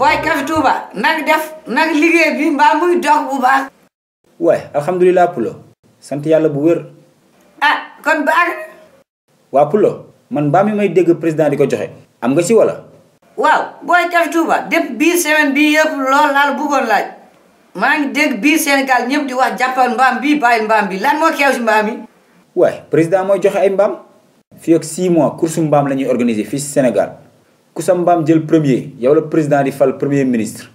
boy kaf Touba nak def nak liggéey bi mbaa muy dox bu baax. way alhamdullilah Pulo. sante yalla bu wér. ah kon baax. wa Pulo man ba mi may deg president di ko joxe. am nga ci wala. waw boy kaf Touba dépp biir semaine bii lol la bu gon laaj. ma ngi deg bi senegal ñep di wax jàppal mbam bi bay mbam bi lan mo xew ci mbam bi way president moy joxe ay mbam fi ak 6 mois course mbam la organiser fi senegal ku premier yow le président di premier ministre.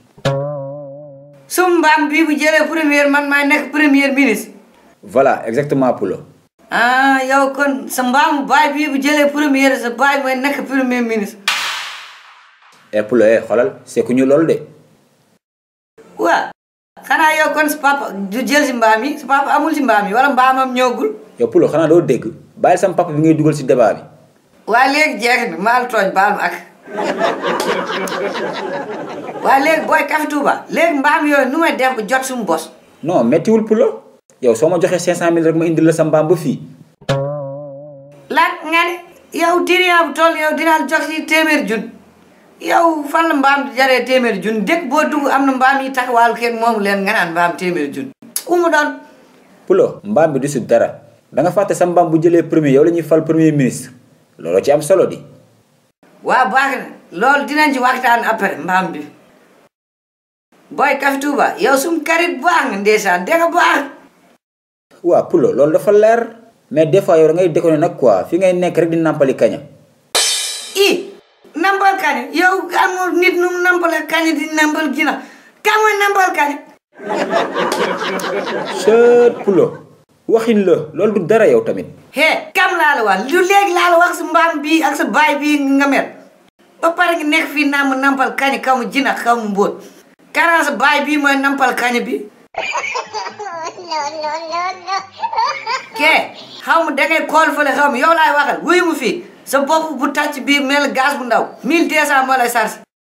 bi bu premier man le premier ministre. voilà exactement Poulo. ah yow kon sa bay bi bu premier sa bay nek premier ministre. eh c'est eh, kuñu de. Wa. xanaa yow kon sa papa si papa amul wala do dégg papa bi ngay duggal ci débat bi. Wa na mal wa leg boy Café Touba léegi mbaam yooyu nu def jot sum boss non wul pulo yow soo ma joxee 500000 rek ma indi la sam mbaam ba fi la ngane yow diri bu tol yow jox ci temer jun yow fan mbam jare temer jun dek bo dug am mbam mbaam yi wal ken mom len nga mbam mbaam jun umu don pulo mbam bi du dara da nga fatte sam mbaam bu jele premier yow lañuy fal premier ministre lolo ci am solo di wa baax na loolu dinañ ci waxtaan après mbam bi boy kaftuba yow sum karit baax desa, ndeysaan danga baax wa pulo lol dafa lèr mais des fois yow ngay déconné nak quoi fi ngay nek rek di nampali kaña i nambal kaña yow amul nit num nambal kaña di nambal gina kan mooy nambal kaña pulo wahin la loolu du dara yow tamit He, kam la la wax lu leg la la wax sa mbaam bi ak sa ba pare nekk fii naa ma nampal kañ kaw ma jinax kaw ma mbóot carence baay bii mooy nampal kañ bi kee xaw ma dangay kool fële xaw ma yow laay waxal wuyu mu fii sa bopp bu tàcc bii mel gaz bu ndaw mille deux cent moo